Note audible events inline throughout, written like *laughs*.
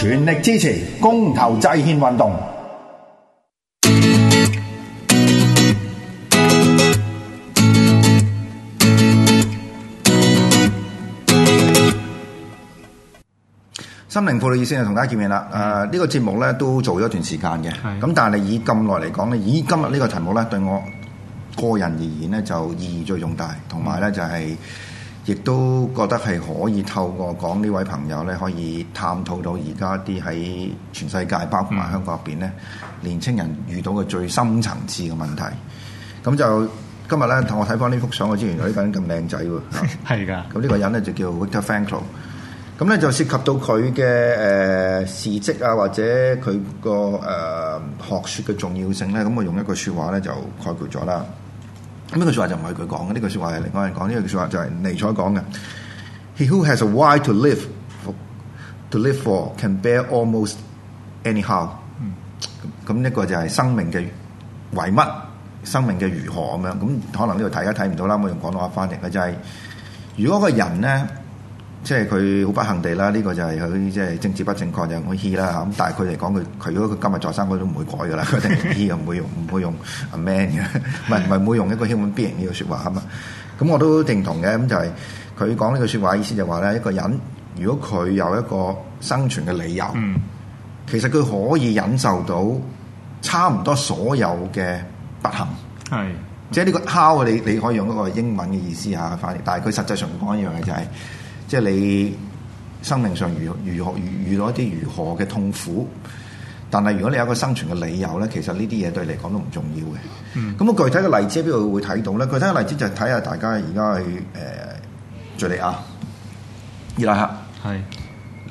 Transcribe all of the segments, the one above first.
全力支持公投制憲運動。心靈輔導熱線係同大家見面啦。誒、mm. 呃，呢、這個節目咧都做咗一段時間嘅，咁、mm. 但係以咁耐嚟講咧，以今日呢個題目咧，對我個人而言咧就意義最重大，同埋咧就係、是。Mm. 亦都覺得係可以透過講呢位朋友咧，可以探討到而家啲喺全世界，包括埋香港入邊咧，嗯、年青人遇到嘅最深層次嘅問題。咁就今日咧，同我睇翻呢幅相，我知原來呢個人咁靚仔喎。係㗎。咁呢個人咧就叫 Victor Frankl。咁咧就涉及到佢嘅誒事蹟啊，或者佢個誒學説嘅重要性咧。咁我用一句説話咧就概括咗啦。咁呢個説話就唔係佢講嘅，呢個説話係另外人講。呢個説話就係尼采講嘅。He who has a why to live to live for can bear almost anyhow。咁呢、嗯、個就係生命嘅為乜，生命嘅如何咁樣。咁可能呢度大家睇唔到啦，到我用廣東話翻譯嘅就係、是，如果個人咧。即係佢好不幸地啦，呢、這個就係佢即係政治不正確就唔去 h e 啦嚇。咁 *laughs* 但係佢嚟講佢，佢如果佢今日再生佢都唔會改噶啦。佢定 h e 又唔會用唔會用 a m a n 嘅，唔係唔係唔會用一個英文 human being 呢個説話啊嘛。咁我都認同嘅。咁就係佢講呢個説話意思就話咧，一個人如果佢有一個生存嘅理由，其實佢可以忍受到差唔多所有嘅不幸。係即係呢個 how 你你可以用一個英文嘅意思吓，反而但係佢實際上講一樣嘢就係、是。即係你生命上如何如何遇到一啲如何嘅痛苦，但係如果你有個生存嘅理由咧，其實呢啲嘢對你嚟講都唔重要嘅。咁啊、嗯，具體嘅例子邊度會睇到咧？具體嘅例子就睇下大家而家去誒敍利亞、伊拉克，係是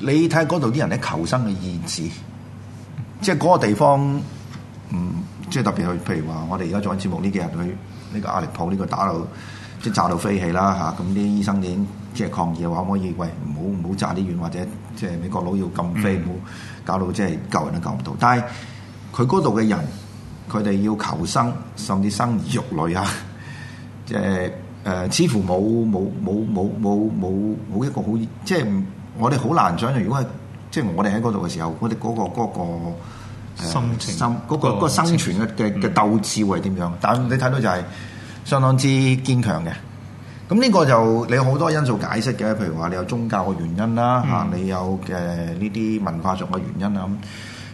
你睇下嗰度啲人咧求生嘅意志，即係嗰個地方，嗯，即係特別去，譬如話，我哋而家做緊節目呢幾日去呢、這個阿力浦呢、這個打到。即係炸到飛起啦嚇！咁啲醫生已經即係抗議嘅話，可唔可以，喂，唔好唔好炸啲院，或者即係美國佬要禁飛，唔好、嗯、搞到即係救人都救唔到。但係佢嗰度嘅人，佢哋要求生，甚至生兒育女啊！即係誒，似乎冇冇冇冇冇冇冇一個好，即、就、係、是、我哋好難想象，如果係即係我哋喺嗰度嘅時候，我哋嗰、那個嗰心、那個那個、情、心嗰、呃那個那個生存嘅嘅、嗯、鬥志會係點樣？但係你睇到就係、是。相當之堅強嘅，咁、這、呢個就你有好多因素解釋嘅，譬如話你有宗教嘅原因啦，嚇、嗯、你有嘅呢啲文化上嘅原因啦，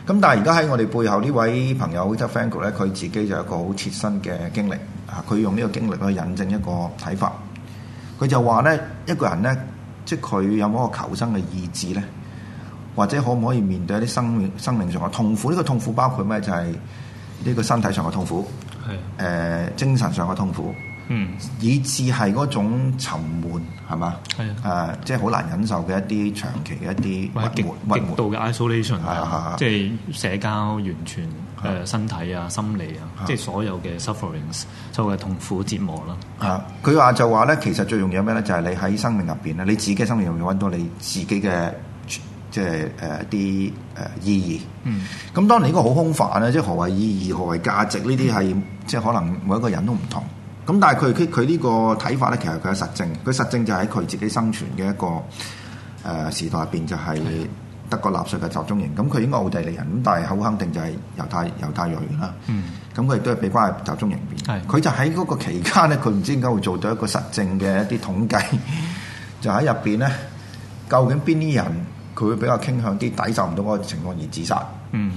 咁咁但係而家喺我哋背後呢位朋友即係 Frank 咧，佢自己就有一個好切身嘅經歷，嚇，佢用呢個經歷去引證一個睇法，佢就話咧一個人咧，即係佢有冇一個求生嘅意志咧，或者可唔可以面對一啲生命生命上嘅痛苦？呢、這個痛苦包括咩？就係、是、呢個身體上嘅痛苦。係誒、嗯、精神上嘅痛苦，嗯，以至係嗰種沉悶係嘛？係啊，呃、即係好難忍受嘅一啲長期嘅一啲極悶極度嘅 isolation 啊，啊即係社交完全誒、啊、身體啊、心理啊，啊即係所有嘅 sufferings 作為痛苦折磨啦。啊，佢話、啊啊、就話咧，其實最容易咩咧，就係、是、你喺生命入邊咧，你自己生命入面揾到你自己嘅.。 *music* 即係誒啲誒意義，嗯，咁當然呢個好空泛啦。即係何為意義，何為價值呢啲係，嗯、即係可能每一個人都唔同。咁但係佢佢呢個睇法咧，其實佢係實證。佢實證就喺佢自己生存嘅一個誒、呃、時代入邊，就係德國納粹嘅集中營。咁佢應該奧地利人，咁但係好肯定就係猶太猶太裔啦。咁佢亦都係被關喺集中營入邊、嗯、佢就喺嗰個期間咧，佢唔知點解會做到一個實證嘅一啲統計， *laughs* 就喺入邊咧，究竟邊啲人，人？佢會比較傾向啲抵受唔到嗰個情況而自殺。嗯，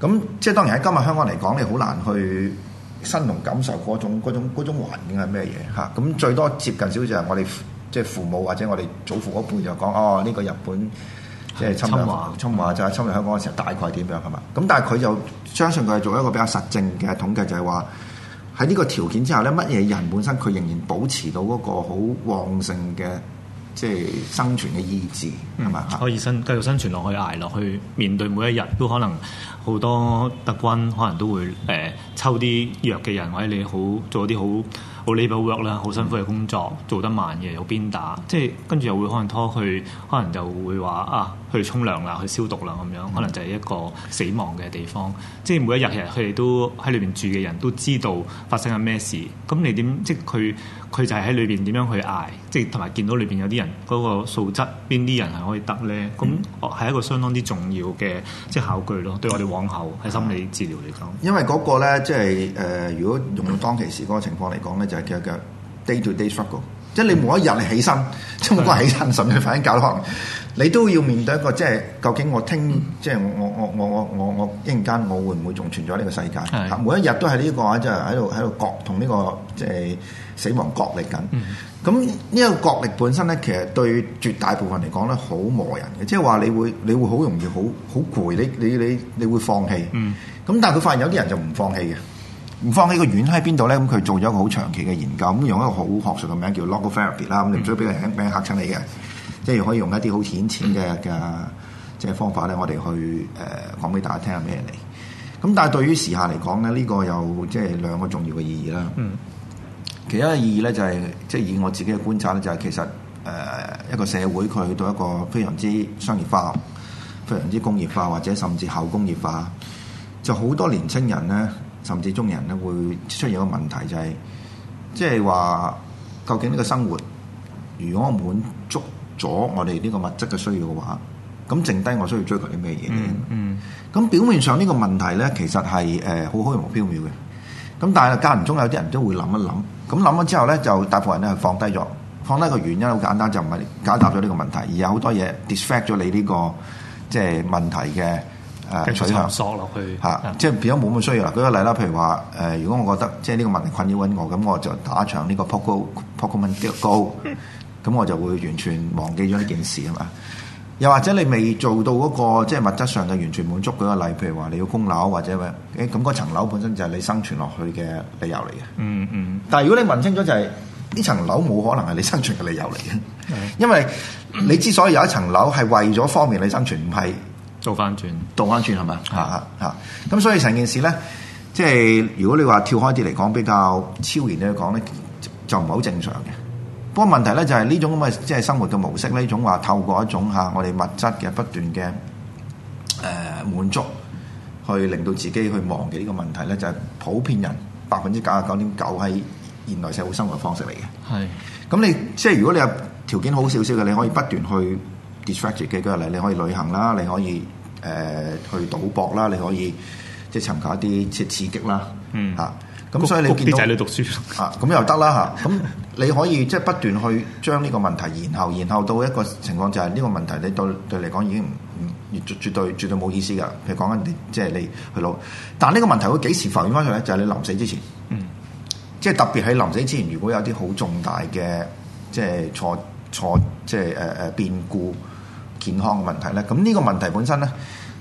咁即係當然喺今日香港嚟講，你好難去身同感受嗰種嗰種，嗰種環境係咩嘢嚇。咁最多接近少少就係我哋即係父母或者我哋祖父嗰輩就講哦，呢、呢個日本即係侵華侵華就係侵，侵，侵略香港嘅時候大概點樣係嘛？咁、嗯、但係佢就相信佢係做一個比較實證嘅統計就，就係話喺呢個條件之下咧，乜嘢人本身佢仍然保持到嗰個好旺盛嘅。即係生存嘅意志，係嘛、嗯？吧可以生繼續生存落去捱落去面對每一日，都可能好多德軍可能都會誒、呃、抽啲弱嘅人，或者你好做啲好好 labor work 啦，好辛苦嘅工作做得慢嘅，有鞭打，即係跟住又會可能拖佢，可能就會話啊。去沖涼啦，去消毒啦，咁樣可能就係一個死亡嘅地方。即係每一日日，佢哋都喺裏邊住嘅人都知道發生緊咩事。咁你點即係佢佢就係喺裏邊點樣去捱？即係同埋見到裏邊有啲人嗰個素質，邊啲人係可以得咧？咁係一個相當之重要嘅即係考據咯。對我哋往後喺心理治療嚟講，因為嗰個咧即係誒，如果用當其時嗰個情況嚟講咧，就係叫叫 day to day struggle。即係你每一日你起身，即係唔該起身，甚至瞓緊覺都可能，你都要面對一個即係究竟我聽即係我我我我我我一陣間，我會唔會仲存在呢個世界？係。每一日都係呢個啊，即係喺度喺度角同呢個即係死亡角力緊。咁呢個角力本身咧，其實對絕大部分嚟講咧，好磨人嘅，即係話你會你會好容易好好攰，你你你你會放棄。嗯。咁但係佢發現有啲人就唔放棄嘅。唔放喺個院喺邊度咧？咁佢做咗一個好長期嘅研究，咁用一個好學術嘅名叫 Logotherapy 啦、嗯，咁你唔需要俾人俾人嚇親你嘅，即係可以用一啲好顯淺嘅嘅即係方法咧，我哋去誒講俾大家聽下咩嚟。咁但係對於時下嚟講咧，呢、呢個有即係兩個重要嘅意義啦。嗯、其中一個意義咧就係、是、即係以我自己嘅觀察咧，就係其實誒、呃、一個社會佢到一個非常之商業化、非常之工業化或者甚至後工業化，就好多年青人咧。甚至中人咧會出現一個問題，就係即係話究竟呢個生活如果滿足咗我哋呢個物質嘅需要嘅話，咁剩低我需要追求啲咩嘢？嗯，咁表面上呢個問題咧，其實係誒好虛無縹緲嘅。咁但係間唔中有啲人都會諗一諗，咁諗咗之後咧，就大部分人係放低咗。放低個原因好簡單，就唔係解答咗呢個問題，而有好多嘢 distract 咗你呢、呢個即係問題嘅。嘅水、啊、索落去嚇，啊啊、即係變咗冇乜需要啦。舉、那個例啦，譬如話誒、呃，如果我覺得即係呢個問題困擾緊我咁，我就打場呢個 Pokemon Go，咁我就會完全忘記咗呢件事啊嘛。又 *laughs* 或者你未做到嗰、那個即係物質上嘅完全滿足嗰個例，譬如話你要供樓或者咩？咁、欸、嗰、那個、層樓本身就係你生存落去嘅理由嚟嘅、嗯。嗯嗯。但係如果你問清楚就係、是、呢層樓冇可能係你生存嘅理由嚟嘅，嗯、因為你之所以有一層樓係為咗方便你生存，唔係。做翻轉，倒翻轉係咪啊？嚇嚇嚇！咁所以成件事咧，即係如果你話跳開啲嚟講，比較超然啲嚟講咧，就唔係好正常嘅。不過問題咧就係呢種咁嘅即係生活嘅模式，呢種話透過一種嚇、啊、我哋物質嘅不斷嘅誒、呃、滿足，去令到自己去忘記呢個問題咧，就係、是、普遍人百分之九十九點九喺現代社會生活方式嚟嘅。係是。咁你即係、就是、如果你有條件好少少嘅，你可以不斷去。d 嘅舉例，你可以旅行啦，你可以誒、呃、去賭博啦，你可以即係尋求一啲即係刺激啦，嚇、呃、咁、呃呃呃呃、所以你見到、嗯、弟弟讀書啊，咁又得啦嚇，咁、啊嗯 *laughs* 嗯、你可以即係不斷去將呢個問題，然後然後到一個情況就係呢個問題，你對對嚟講已經唔唔絕對絕對冇意思㗎。譬如講緊你即係你去老，但係呢個問題會幾時浮現翻上咧？就係、是、你臨死之前，嗯、即係特別喺臨死之前，如果有啲好重大嘅即係錯錯即係誒誒變故。健康嘅問題咧，咁呢個問題本身咧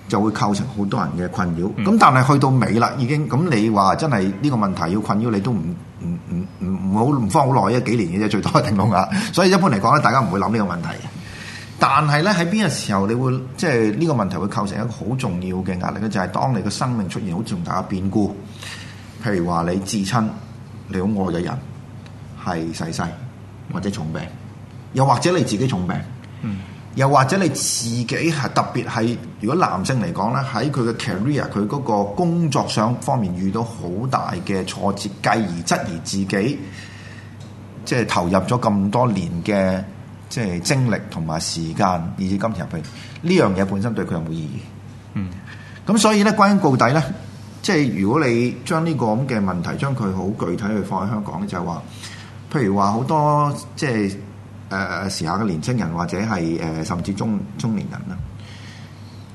就會構成好多人嘅困擾。咁、嗯、但係去到尾啦，已經咁你話真係呢個問題要困擾你都唔唔唔唔唔好唔慌好耐嘅幾年嘅啫，最多係頂唔到。所以一般嚟講咧，大家唔會諗呢個問題。但係咧喺邊個時候你會即係呢個問題會構成一個好重要嘅壓力咧，就係、是、當你嘅生命出現好重大嘅變故，譬如話你至親好愛嘅人係逝世或者重病，又或者你自己重病。嗯又或者你自己係特別係如果男性嚟講，咧，喺佢嘅 career 佢嗰個工作上方面遇到好大嘅挫折，繼而質疑自己，即係投入咗咁多年嘅即係精力同埋時間，以至今時入去呢樣嘢本身對佢有冇意義。嗯，咁所以咧，關於到底咧，即係如果你將呢個咁嘅問題將佢好具體去放喺香港咧，就係話譬如話好多即係。誒、呃、時下嘅年輕人或者係誒、呃、甚至中中年人啦。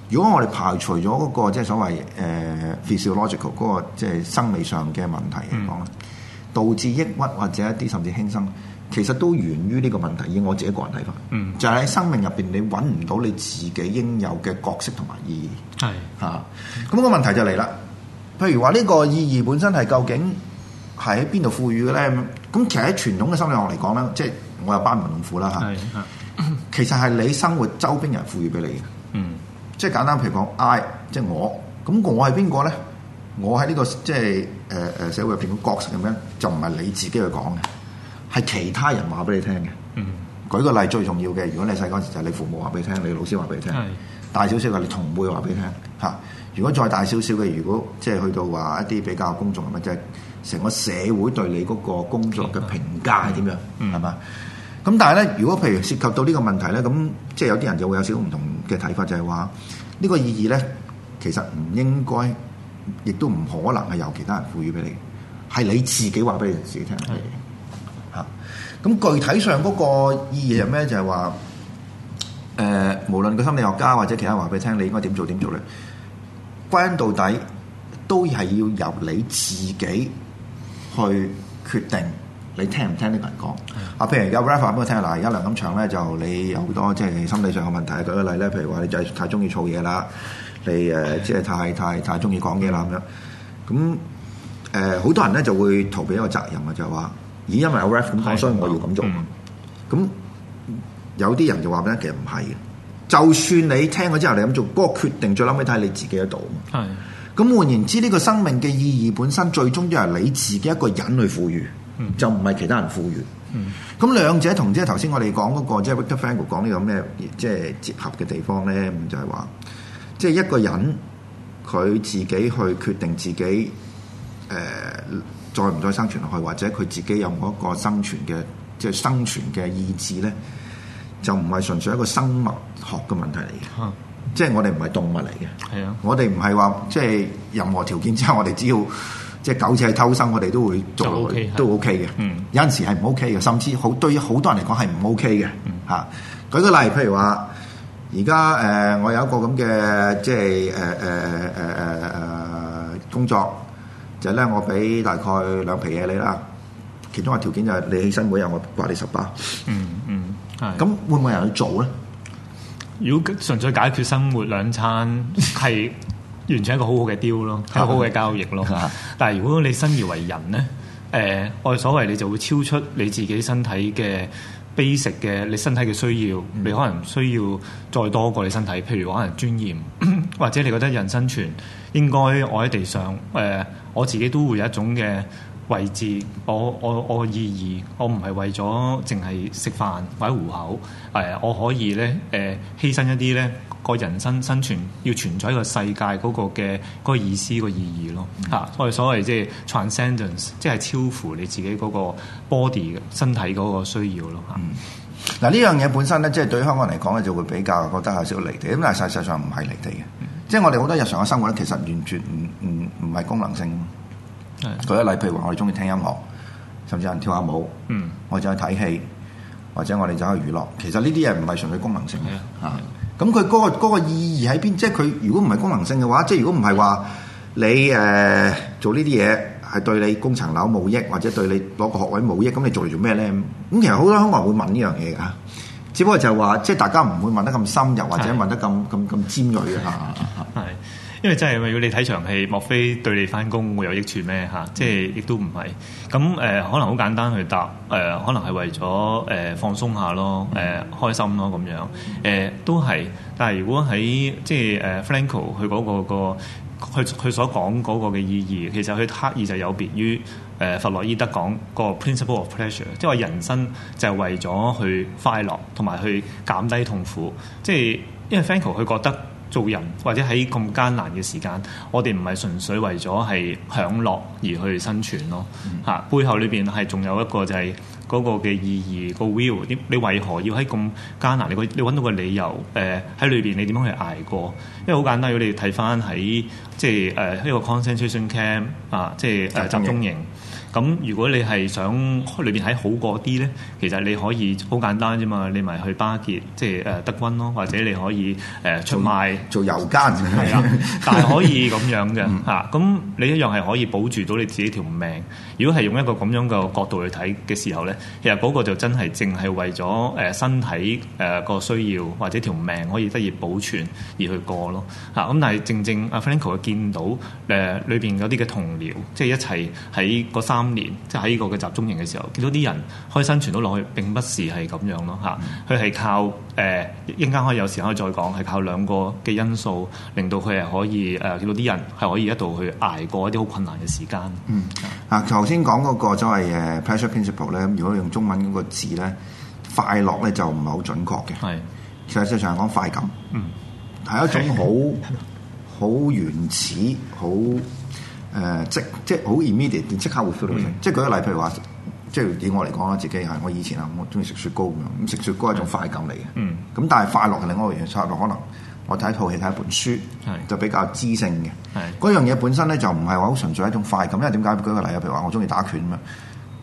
如果我哋排除咗嗰、嗰個即係所謂誒、呃、physiological 嗰個即係生理上嘅問題嚟講啦，嗯、導致抑鬱或者一啲甚至輕生，其實都源於呢個問題。以我自己個人睇法，嗯、就喺生命入邊你揾唔到你自己應有嘅角色同埋意義。係嚇是，咁、啊嗰個問題就嚟啦。譬如話呢個意義本身係究竟係喺邊度賦予嘅咧？咁其實喺傳統嘅心理學嚟講咧，即係我有班門弄斧啦嚇，其實係你生活周邊人賦予俾你嘅、嗯這個，即係簡單譬如講 I，即係我，咁我係邊個咧？我喺呢個即係誒誒社會入邊嘅角色噉樣，就唔係你自己去講嘅，係其他人話俾你聽嘅。嗯、舉個例最重要嘅，如果你細嗰陣時就係你父母話俾你聽，你老師話俾你聽，嗯、大少少嘅你同輩話俾你聽嚇。如果再大少少嘅，如果即係去到話一啲比較公眾噉樣即係。成個社會對你嗰個工作嘅評價係點樣，係嘛、嗯？咁但係咧，如果譬如涉及到呢個問題咧，咁即係有啲人就會有少少唔同嘅睇法，就係話呢個意義咧，其實唔應該，亦都唔可能係由其他人賦予俾你，係你自己話俾你自己聽。係的。嚇、啊！咁具體上嗰個意義係咩？嗯、就係話誒，無論個心理學家或者其他話俾你聽，你應該點做點做咧，歸根到底都係要由你自己。去決定你聽唔聽呢個人講啊？嗯、譬如有 Ralph 翻俾我聽下嗱，而家梁咁長咧，就你有好多即係心理上嘅問題。舉個例咧，譬如話你就太太中意做嘢啦，你誒、呃、即係太太太中意講嘢啦咁樣。咁誒、嗯，好、呃、多人咧就會逃避一個責任啊，就話、是、咦，嗯、因為有 Ralph 咁講，所以我要咁做。咁、嗯、有啲人就話咧，其實唔係嘅。就算你聽咗之後你咁做，嗰、那個決定再諗一睇你自己得到啊。嗯嗯。咁換言之，呢、這個生命嘅意義本身，最終都係你自己一個人去賦予，嗯、就唔係其他人賦予。咁兩、嗯、者同即係頭先我哋講嗰個，即係 Victor Frankl 講呢個咩，即係結合嘅地方咧，就係、是、話，即、就、係、是、一個人佢自己去決定自己，誒、呃，再唔再生存落去，或者佢自己有冇一個生存嘅，即係生存嘅意志咧，就唔係純粹一個生物學嘅問題嚟嘅。即係我哋唔係動物嚟嘅，啊、我哋唔係話即係任何條件之下，我哋只要即係苟且偷生，我哋都會做到。就 OK，都 OK 嘅。是有陣時係唔 OK 嘅，嗯、甚至好對於好多人嚟講係唔 OK 嘅。嚇、嗯啊，舉個例，譬如話，而家誒我有一個咁嘅即係誒誒誒誒誒工作，就係、是、咧我俾大概兩皮嘢你啦。其中嘅條件就係你起身嗰日我掛你十八，嗯嗯，咁、嗯嗯、會唔會有人去做咧？如果純粹解決生活兩餐，係 *laughs* 完全係一個好好嘅 deal 咯，好好嘅交易咯。 *laughs* 但係如果你生而為人呢，誒、呃，我哋所謂你就會超出你自己身體嘅 basic 嘅你身體嘅需要，你可能需要再多過你身體。譬如話可能尊嚴， *coughs* 或者你覺得人生存應該我喺地上，誒、呃，我自己都會有一種嘅。位置，我我我嘅意義，我唔係為咗淨係食飯或者糊口，誒、呃，我可以咧誒、呃、犧牲一啲咧個人生生存要存在一個世界嗰個嘅嗰、嗰個、意思、嗰個意義咯嚇，我哋、嗯、所謂 ence，即係 transcendence，即係超乎你自己嗰個 body 身體嗰個需要咯嚇。嗱呢、嗯、樣嘢本身咧，即、就、係、是、對於香港人嚟講咧，就會比較覺得有少少離地，咁但係實際上唔係離地嘅，嗯、即係我哋好多日常嘅生活咧，其實完全唔唔唔係功能性，能性。舉一例，譬如話我哋中意聽音樂，甚至有人跳下舞，我哋走去睇戲，或者我哋走去娛樂。其實呢啲嘢唔係純粹功能性嘅。咁佢嗰個意義喺邊？即係佢如果唔係功能性嘅話，即係如果唔係話你誒、呃、做呢啲嘢係對你供層樓冇益，或者對你攞個學位冇益，咁你做嚟做咩咧？咁其實好多香港人會問呢樣嘢噶，只不過就係話即係大家唔會問得咁深入，或者問得咁咁咁尖鋭啊。係。因為真係，如果你睇場戲，莫非對你翻工會有益處咩？嚇、啊，即係亦都唔係。咁誒、呃，可能好簡單去答誒、呃，可能係為咗誒、呃、放鬆下咯，誒、呃、開心咯咁樣。誒、呃、都係，但係如果喺即係誒 Franco 佢嗰個佢佢所講嗰個嘅意義，其實佢刻意就有別於誒弗洛伊德講個 principle of pleasure，即係話人生就係為咗去快樂同埋去減低痛苦。即係因為 Franco 佢覺得。做人或者喺咁艱難嘅時間，我哋唔係純粹為咗係享樂而去生存咯嚇。Mm hmm. 背後裏邊係仲有一個就係嗰個嘅意義、個 will。點你為何要喺咁艱難？你你揾到個理由誒喺裏邊你點樣去捱過？因為好簡單，如果你睇翻喺即係誒一個 concentration camp、呃即係、啊，即係集中營。咁如果你係想裏邊睇好過啲咧，其實你可以好簡單啫嘛，你咪去巴結，即係誒、呃、德軍咯，或者你可以誒、呃、出賣做，做猶奸，係啊，但係可以咁樣嘅嚇。咁你一樣係可以保住到你自己條命。如果係用一個咁樣嘅角度去睇嘅時候咧，其實嗰個就真係淨係為咗誒身體誒個需要，或者條命可以得以保存而去過咯嚇。咁、啊、但係正正阿 Franco 見到誒、呃、裏邊嗰啲嘅同僚，即係一齊喺嗰三。今年即喺呢個嘅集中營嘅時候，見到啲人可以生存到落去，並不是係咁樣咯嚇。佢係靠誒，應、呃、間可以有時可以再講，係靠兩個嘅因素，令到佢係可以誒，見、呃、到啲人係可以一度去捱過一啲好困難嘅時間。嗯，嗱頭先講嗰個作為 pleasure principle 咧，如果用中文嗰個字咧，快樂咧就唔係好準確嘅。其是實際上係講快感。嗯，係一種好好 *laughs* 原始好。誒、uh，即，即，即即好 immediate，、嗯、即刻 feel 到，即係舉個例，譬如話，即係以我嚟講啦，自己係我以前啊，我中意食雪糕咁樣，咁食雪糕係一種快感嚟嘅。嗯，咁但係快樂係另外一樣嘢，可能我睇套戲睇一本書，是就比較知性嘅。係是，嗰樣嘢本身咧就唔係話好純粹係一種快感，因為點解舉個例啊？譬如話我中意打拳啊嘛，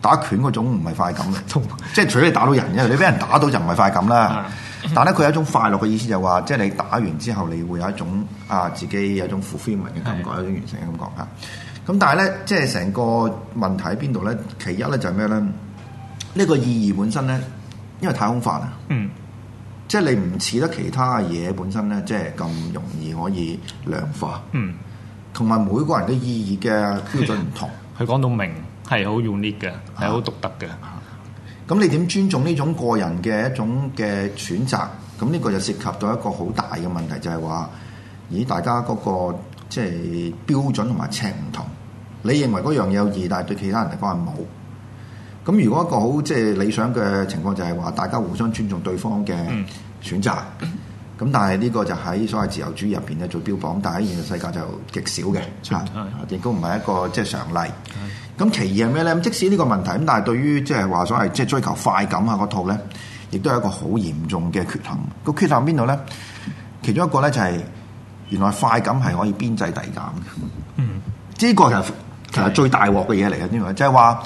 打拳嗰種唔係快感嘅， *laughs* 即係除咗你打到人，因為你俾人打到就唔係快感啦。 *laughs* *laughs* 但係咧，佢有一種快樂嘅意思，就係話，即係你打完之後，你會有一種啊，自己有一種 fulfillment 嘅感覺，是的 一種完成嘅感覺嚇。咁是的 但係咧，即係成個問題喺邊度咧？其一咧就係咩咧？呢、呢個意義本身咧，因為太空法啊，嗯即，即係你唔似得其他嘅嘢本身咧，即係咁容易可以量化，嗯，同埋每個人嘅意義嘅標準唔同，佢講到明，係好 unique 嘅，係好、啊、獨特嘅。咁你點尊重呢種個人嘅一種嘅選擇？咁呢個就涉及到一個好大嘅問題，就係話，咦，大家嗰個即係標準同埋尺唔同，你認為嗰樣有意，但係對其他人嚟講係冇。咁如果一個好即係理想嘅情況就係話，大家互相尊重對方嘅選擇。咁但係呢個就喺所謂自由主義入邊咧做標榜，但係喺現實世界就極少嘅，係，亦都唔係一個即係、即係、常例。嗯嗯嗯咁其二係咩咧？咁即使呢個問題咁，但係對於即係話所謂即係追求快感啊個套咧，亦都係一個好嚴重嘅缺陷。個缺陷邊度咧？其中一個咧就係原來快感係可以邊際遞減嘅。嗯，呢個是其實最大鑊嘅嘢嚟嘅。點解？就係話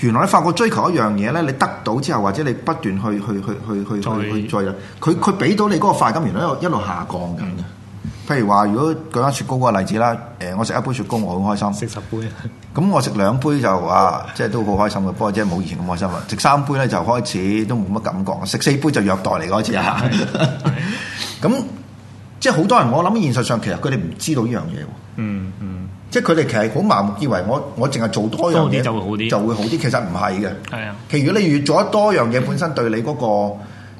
原來你發覺追求一樣嘢咧，你得到之後或者你不斷去去去去去去去追，佢佢俾到你嗰個快感，原來一路一路下降緊嘅。嗯、譬如話，如果講返雪糕嗰個例子啦，誒，我食一杯雪糕我好開心，食十杯。咁我食兩杯就啊，即係都好開心嘅，不過即係冇以前咁開心啦。食三杯咧就開始都冇乜感覺，食四杯就虐待你嗰次啊！咁 *laughs* 即係好多人，我諗現實上其實佢哋唔知道呢樣嘢喎。嗯嗯，即係佢哋其實好盲目以為我我淨係做多樣多就會好啲，就會好啲。其實唔係嘅。係啊的，其實如果你越做多樣嘢，嗯、本身對你嗰、那個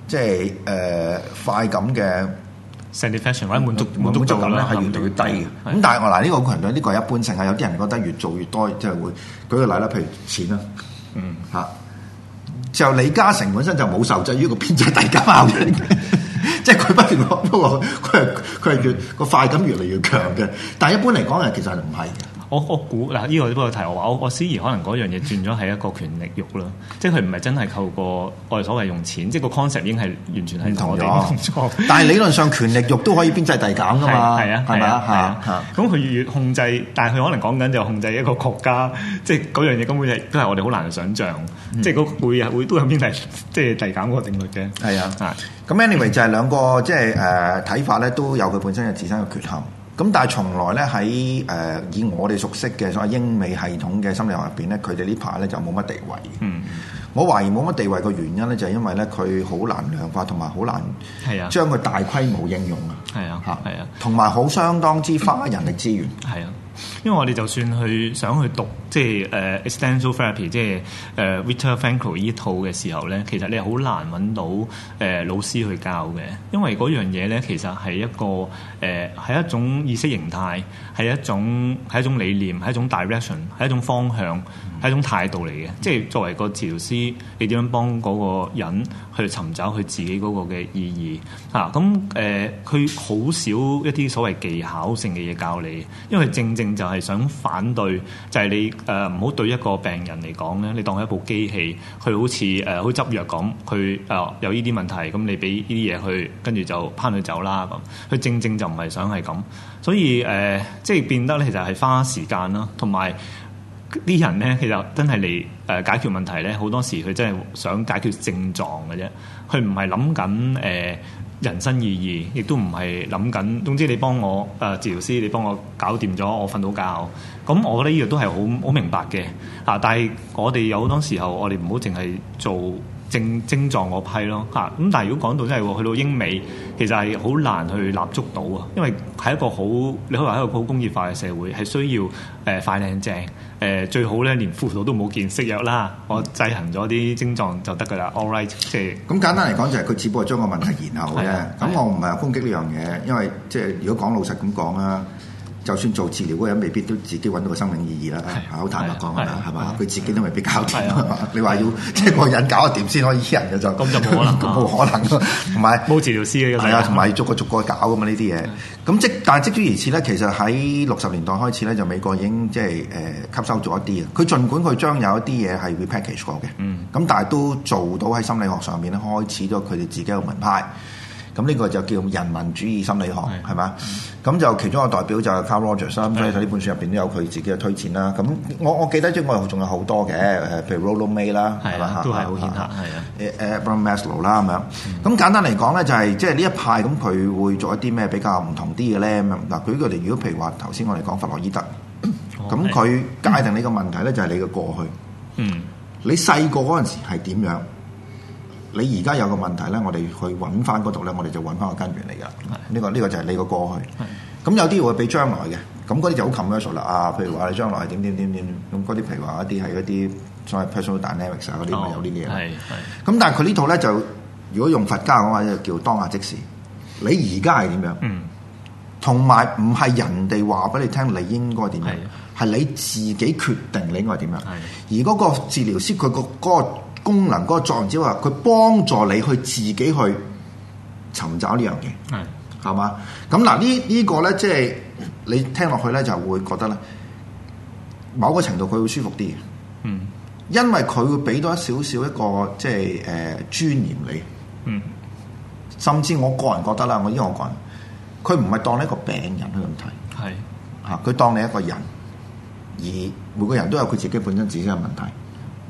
即係誒、呃、快感嘅。成啲 function 或者滿足滿足感咧，係越嚟越低嘅。咁是但係我嗱呢、呢個群組呢個係一般性嘅，有啲人覺得越做越多即係、會舉個例啦，譬如錢啦，嗯嚇、啊，就李嘉誠本身就冇受制於個編制大家薪嘅，即係佢不斷講，不過佢係佢係越個快感越嚟越強嘅。但係一般嚟講係其實唔係嘅。我我估嗱，呢個不過提我話我思疑可能嗰樣嘢轉咗係一個權力慾啦，即係佢唔係真係透過我哋所謂用錢，即係個 concept 已經係完全係同我哋唔同。錯，但係理論上權力慾都可以邊際遞減噶嘛。係啊，係啊？係啊。咁佢越控制，但係佢可能講緊就控制一個國家，即係嗰樣嘢根本係都係我哋好難想象，即係嗰會會都有邊際即係遞減嗰個定律嘅。係啊。咁 anyway 就係兩個即係誒睇法咧，都有佢本身嘅自身嘅缺陷。咁但係從來咧喺誒以我哋熟悉嘅所謂英美系統嘅心理學入邊咧，佢哋呢排咧就冇乜地位。嗯，我懷疑冇乜地位個原因咧，就係因為咧佢好難量化，同埋好難將佢大規模應用嘅。係啊，嚇，係啊，同埋好相當之花人力資源。係、嗯、啊。因為我哋就算去想去讀，即係誒、呃、extensive therapy，即係誒 writer therapy 依套嘅時候咧，其實你係好難揾到誒、呃、老師去教嘅，因為嗰樣嘢咧其實係一個誒係、呃、一種意識形態，係一種係一種理念，係一種 direction，係一種方向。嗯係一種態度嚟嘅，即係作為個治療師，你點樣幫嗰個人去尋找佢自己嗰個嘅意義嚇？咁、啊、誒，佢好、呃、少一啲所謂技巧性嘅嘢教你，因為佢正正就係想反對，就係、是、你誒唔好對一個病人嚟講咧，你當係一部機器，佢好似誒好執藥咁，佢誒、呃、有呢啲問題，咁你俾呢啲嘢去，跟住就拋佢走啦咁。佢正正就唔係想係咁，所以誒、呃，即係變得咧，其實係花時間啦，同埋。啲人咧，其實真係嚟誒解決問題咧，好多時佢真係想解決症狀嘅啫，佢唔係諗緊誒人生意義，亦都唔係諗緊，總之你幫我誒、呃、治療師，你幫我搞掂咗，我瞓到覺。咁我覺得呢個都係好好明白嘅嚇、啊，但係我哋有好多時候，我哋唔好淨係做症症狀嗰批咯嚇，咁、啊、但係如果講到真係去到英美其實係好難去立足到啊，因為係一個好，你可能話係一個好工業化嘅社會，係需要誒快靚正誒、呃，最好咧連輔導都冇見識藥啦，我製行咗啲症狀就得㗎啦。嗯、Alright，即係咁簡單嚟講就係佢只不過將個問題延後嘅。咁 *coughs* 我唔係話攻擊呢樣嘢，因為即係如果講老實咁講啦。就算做治療嗰人未必都自己揾到個生命意義啦，好坦白講啊，係嘛？佢自己都未必搞掂，你話要即係個人搞一掂先可以醫人嘅，就咁就冇可能，冇可能，同埋冇治療師嘅，係啊，同埋逐個逐個搞噶嘛呢啲嘢。咁即但係，即於如此咧，其實喺六十年代開始咧，就美國已經即係誒吸收咗一啲嘅。佢儘管佢將有一啲嘢係 repackage 過嘅，咁但係都做到喺心理學上面咧，開始咗佢哋自己嘅個文派。咁呢個就叫人民主義心理學，係嘛？咁就其中嘅代表就係 Carl Rogers，所以呢本書入邊都有佢自己嘅推薦啦。咁我我記得即係我仲有好多嘅，譬如 Rollo May 啦，係嘛？都係，好顯赫，係啊，Abraham Maslow 啦咁樣。咁簡單嚟講咧，就係即係呢一派咁，佢會做一啲咩比較唔同啲嘅咧？咁啊嗱，佢佢哋如果譬如話頭先我哋講弗洛伊德，咁佢界定你個問題咧就係你嘅過去，嗯，你細個嗰陣時係點樣？你而家有個問題咧，我哋去揾翻嗰度咧，我哋就揾翻個根源嚟噶。呢是、這個呢、這個就係你個過去。咁有啲會俾將來嘅，咁嗰啲就好 commercial 啦。啊，譬如話你將來係點點點點，咁嗰啲譬如話一啲係嗰啲所謂 personal dynamics 嗰啲，有、哦、呢啲嘢。係咁但係佢呢套咧就，如果用佛家嘅話就叫當下即時。你而家係點樣？嗯。同埋唔係人哋話俾你聽，你應該點樣？係。是是 你自己決定你應該點樣？係。是是 而嗰個治療師佢個歌，功能嗰個作用之，話佢幫助你去自己去尋找呢是樣嘢，係係嘛？咁嗱，呢呢個咧，即係你聽落去咧，就會覺得咧，某個程度佢會舒服啲嘅，嗯，因為佢會俾多少少一個即係誒、呃、尊嚴你，嗯，甚至我個人覺得啦，我因為我個人，佢唔係當你一個病人去咁睇，係嚇是，佢當你一個人，而每個人都有佢自己本身自己嘅問題。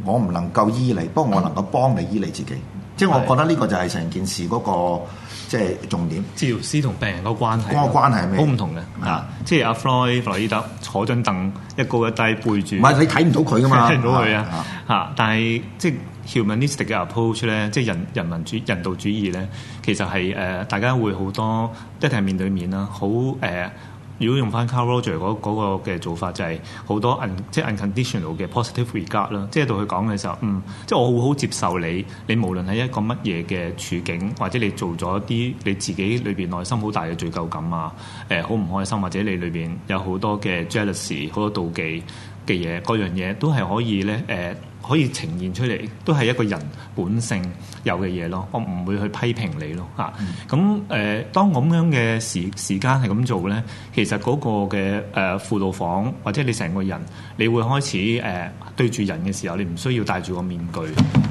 我唔能夠醫你，不過我能夠幫你醫你自己。即係我覺得呢個就係成件事嗰、那個即係、就是、重點。治療師同病人個關係，個關係係咩？好唔同嘅啊！即係阿 Floyd 弗洛伊德坐張凳，一高一低背住。唔係你睇唔到佢㗎嘛？睇唔到佢的啊！嚇！但係即係 humanistic 嘅 approach 咧，即係人人民主人道主義咧，其實係誒、呃、大家會好多一定係面對面啦，好誒。呃如果用翻 Carl Rogers 嗰、嗰個嘅做法，就係好多 un unconditional 嘅 positive regard 啦，即係到佢講嘅時候，嗯，即、就、係、係、我會好，好接受你，你無論係一個乜嘢嘅處境，或者你做咗啲你自己裏邊內心好大嘅罪疚感啊，誒、呃，好唔開心，或者你裏邊有好多嘅 jealousy，好多妒忌嘅嘢，嗰樣嘢都係可以咧，誒、呃。可以呈現出嚟，都係一個人本性有嘅嘢咯。我唔會去批評你咯，嚇。咁誒，當我咁樣嘅時時間係咁做咧，其實嗰個嘅誒、呃、輔導房或者你成個人，你會開始誒、呃、對住人嘅時候，你唔需要戴住個面具，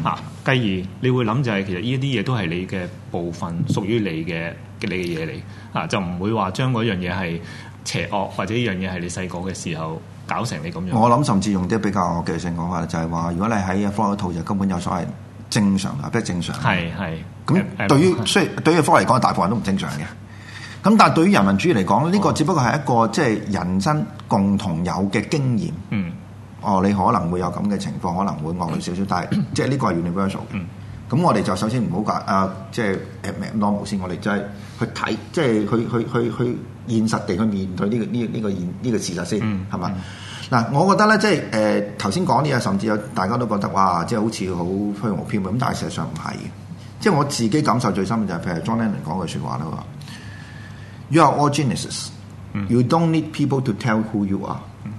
嚇、啊。繼而你會諗就係、是、其實呢一啲嘢都係你嘅部分，屬於你嘅你嘅嘢嚟，啊就唔會話將嗰樣嘢係邪惡，或者呢樣嘢係你細個嘅時候。搞成你咁樣，我諗甚至用啲比較技術性講法，就係話，如果你喺科學嗰套就根本有所謂正常啊，不正常。係係。咁對於，雖然對於科學嚟講，大部分都唔正常嘅。咁但係對於人民主義嚟講，呢個只不過係一個即係人生共同有嘅經驗。嗯。哦，你可能會有咁嘅情況，可能會惡劣少少，但係即係呢個係 universal。嗯。咁我哋就首先唔好講啊，即係誒 norms 先，我哋就係去睇，即係去去去去。去去去去現實地去面對呢、這個呢呢、這個現呢、這個這個事實先，係嘛？嗱，我覺得咧，即係誒頭先講啲啊，甚至有大家都覺得哇，即係好似好虛無縹緲咁，但係實際上唔係嘅。即係我自己感受最深嘅就係、是，譬如 John Lennon 講嘅説話啦喎。嗯、You are all genius、嗯、s You don't need people to tell who you are.、嗯、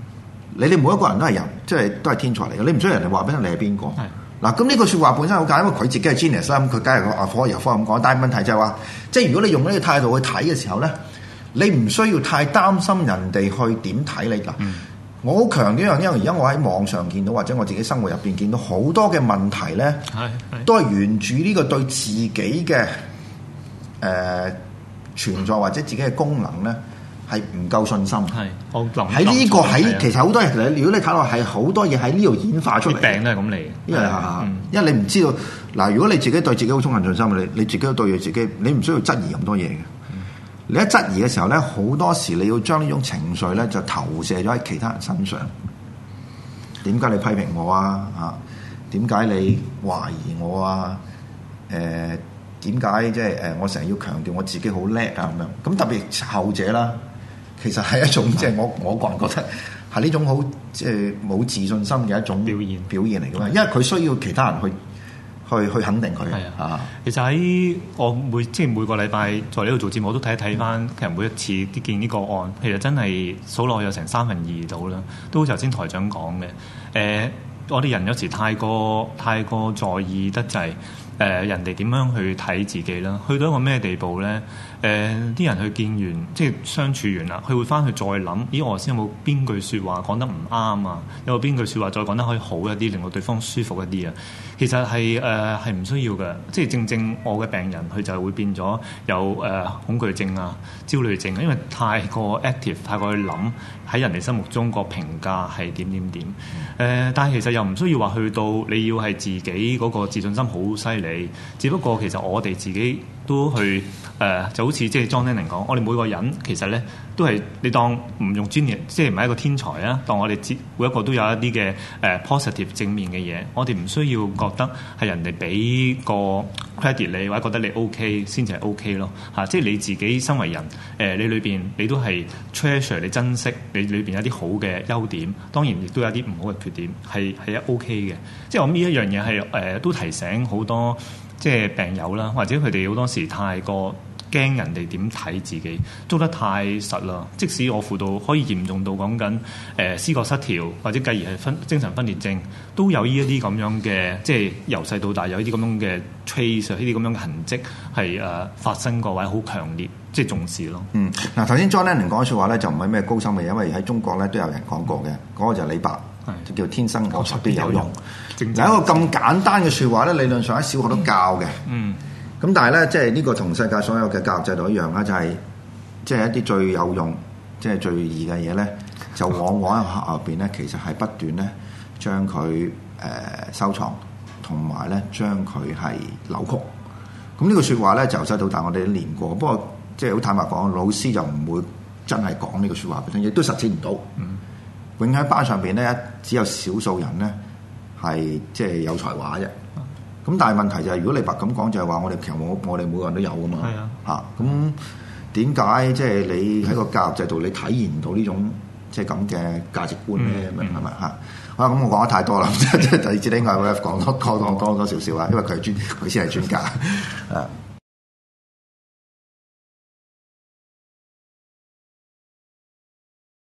你哋每一個人都係人，即係都係天才嚟嘅。你唔需要人哋話俾你係邊個。嗱、嗯，咁呢個説話本身好簡單，因為佢自己係 genius，佢梗係個阿科油科咁講。但係問題就係、是、話，即係如果你用呢個態度去睇嘅時候咧。你唔需要太擔心人哋去點睇你。嗱，嗯、我好強調一樣，因為而家我喺網上見到，或者我自己生活入邊見到好多嘅問題咧，都係沿住呢個對自己嘅誒、呃、存在或者自己嘅功能咧，係唔夠信心。係，我諗喺呢、呢個喺其實好多人，如果你睇落係好多嘢喺呢度演化出嚟，病都係咁嚟嘅，因為、嗯、因為你唔知道嗱，如果你自己對自己好充分信心，你你自己對住自己，你唔需要質疑咁多嘢嘅。你喺質疑嘅時候咧，好多時你要將呢種情緒咧就投射咗喺其他人身上。點解你批評我啊？嚇？點解你懷疑我啊？誒、呃？點解即係誒？我成日要強調我自己好叻啊咁樣。咁特別後者啦，其實係一種即係我我個人覺得係呢種好即係冇自信心嘅一種表現表現嚟㗎嘛。因為佢需要其他人去。去去肯定佢。係啊，其實喺我每即係每個禮拜在呢度做節目，我都睇一睇翻。其實每一次啲見呢個案，其實真係數落有成三分二到啦。都好似頭先台長講嘅。誒、呃，我哋人有時太過太過在意得滯。誒、呃，人哋點樣去睇自己啦？去到一個咩地步咧？誒啲、呃、人去見完，即係相處完啦，佢會翻去再諗，咦？我先有冇邊句説話講得唔啱啊？有冇邊句説話再講得可以好一啲，令到對方舒服一啲啊？其實係誒係唔需要嘅，即係正正我嘅病人，佢就係會變咗有誒、呃、恐懼症啊、焦慮症啊，因為太過 active，太過去諗喺人哋心目中個評價係點點點。誒、呃，但係其實又唔需要話去到你要係自己嗰個自信心好犀利，只不過其實我哋自己，都去誒、呃、就好似即係 John Lennon 講，我哋每個人其實咧都係你當唔用專業，即係唔係一個天才啊。當我哋每一個都有一啲嘅誒 positive 正面嘅嘢，我哋唔需要覺得係人哋俾個 credit 你或者覺得你 OK 先至係 OK 咯嚇、啊。即係你自己身為人誒、呃，你裏邊你都係 treasure 你珍惜你裏邊有啲好嘅優點，當然亦都有一啲唔好嘅缺點，係係一 OK 嘅。即係我諗呢一樣嘢係誒都提醒好多。即係病友啦，或者佢哋好多時太過驚人哋點睇自己，捉得太實啦。即使我輔導可以嚴重到講緊誒思覺失調，或者繼而係分精神分裂症，都有依一啲咁樣嘅，即係由細到大有啲咁樣嘅 trace，依啲咁樣嘅痕跡係誒發生個位好強烈，即係重視咯。嗯，嗱頭先 John Lennon 講説話咧，就唔係咩高深嘅，因為喺中國咧都有人講過嘅，嗰個就係李白，就叫天生我材必有用。有一個咁簡單嘅説話咧，理論上喺小學都教嘅，嗯。嗯，咁但係咧，即係呢個同世界所有嘅教育制度一樣啦，就係即係一啲最有用、即、就、係、是、最易嘅嘢咧，就往往喺學校入邊咧，其實係不斷咧將佢誒收藏，同埋咧將佢係扭曲。咁、嗯、呢、呢個説話咧，由細到大我哋都練過。不過即係好坦白講，老師就唔會真係講呢個説話俾你，亦都實踐唔到。永喺班上邊咧，只有少數人咧。係即係有才華啫，咁但係問題就係、是，如果你白咁講，就係、是、話我哋其實我我哋每個人都有㗎嘛，嚇咁點解即係你喺個教育制度你體驗唔到呢種即係咁嘅價值觀咧？係咪好哇！咁、嗯嗯啊嗯、我講得太多啦，即 *laughs* 係第二節咧，我係講多講多多少少啊，因為佢係專佢先係專家 *laughs* *laughs* 啊。